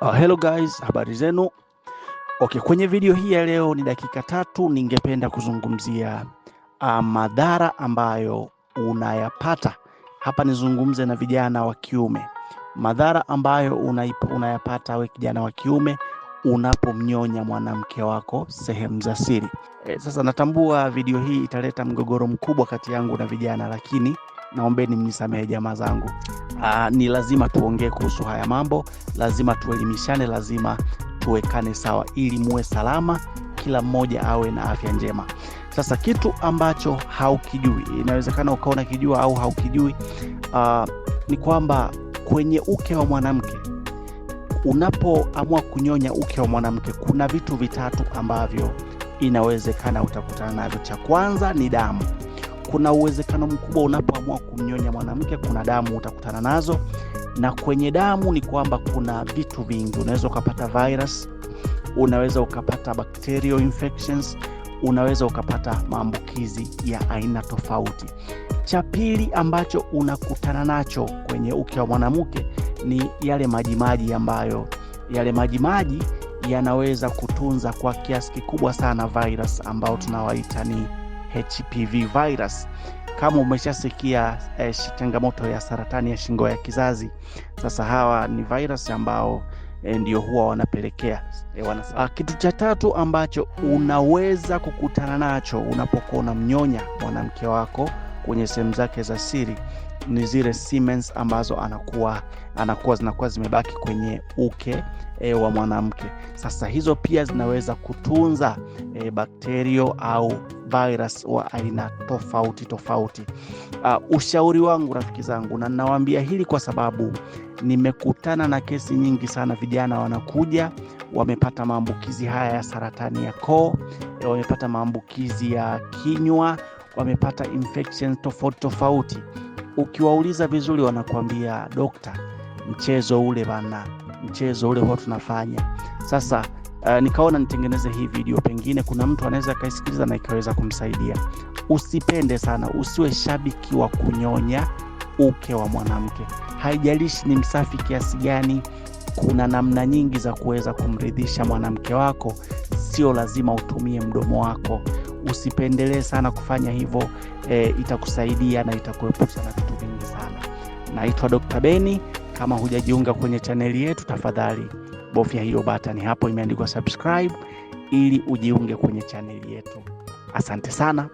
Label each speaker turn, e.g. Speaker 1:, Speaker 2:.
Speaker 1: Uh, hello guys, habari zenu. Okay, kwenye video hii ya leo ni dakika tatu, ningependa kuzungumzia uh, madhara ambayo unayapata. Hapa nizungumze na vijana wa kiume, madhara ambayo unayapata we kijana wa kiume unapomnyonya mwanamke wako sehemu za siri. E, sasa natambua video hii italeta mgogoro mkubwa kati yangu na vijana, lakini naombeni mnisamehe jamaa zangu. Ah, ni lazima tuongee kuhusu haya mambo, lazima tuelimishane, lazima tuwekane sawa ili muwe salama, kila mmoja awe na afya njema. Sasa kitu ambacho haukijui, inawezekana ukawa unakijua au haukijui, uh, ni kwamba kwenye uke wa mwanamke unapoamua kunyonya uke wa mwanamke, kuna vitu vitatu ambavyo inawezekana utakutana navyo. Cha kwanza ni damu kuna uwezekano mkubwa unapoamua kumnyonya mwanamke, kuna damu utakutana nazo, na kwenye damu ni kwamba kuna vitu vingi. Unaweza ukapata virus, unaweza ukapata bacterial infections, unaweza ukapata maambukizi ya aina tofauti. Cha pili ambacho unakutana nacho kwenye uke wa mwanamke ni yale majimaji, ambayo yale majimaji yanaweza kutunza kwa kiasi kikubwa sana virus ambao tunawaita ni HPV virus. Kama umeshasikia eh, changamoto ya saratani ya shingo ya kizazi, sasa hawa ni virus ambao eh, ndio huwa wanapelekea eh, wana... Ah, kitu cha tatu ambacho unaweza kukutana nacho unapokuwa unamnyonya mwanamke wako kwenye sehemu zake za siri ni zile semen ambazo anakuwa anakuwa zinakuwa zimebaki kwenye uke e, wa mwanamke. Sasa hizo pia zinaweza kutunza e, bakterio au virus wa aina tofauti tofauti. Uh, ushauri wangu rafiki zangu, na ninawaambia hili kwa sababu nimekutana na kesi nyingi sana, vijana wanakuja wamepata maambukizi haya ya saratani ya koo, wamepata maambukizi ya kinywa, wamepata infections tofauti tofauti. Ukiwauliza vizuri, wanakuambia dokta, mchezo ule bana, mchezo ule huwa tunafanya sasa Uh, nikaona nitengeneze hii video, pengine kuna mtu anaweza akaisikiliza na ikaweza kumsaidia. Usipende sana, usiwe shabiki wa kunyonya uke wa mwanamke, haijalishi ni msafi kiasi gani. Kuna namna nyingi za kuweza kumridhisha mwanamke wako, sio lazima utumie mdomo wako. Usipendelee sana kufanya hivyo, e, itakusaidia na itakuepusha na vitu vingi sana. Naitwa Dr. Beni. Kama hujajiunga kwenye chaneli yetu, tafadhali bofya hiyo button hapo imeandikwa subscribe ili ujiunge kwenye chaneli yetu. Asante sana.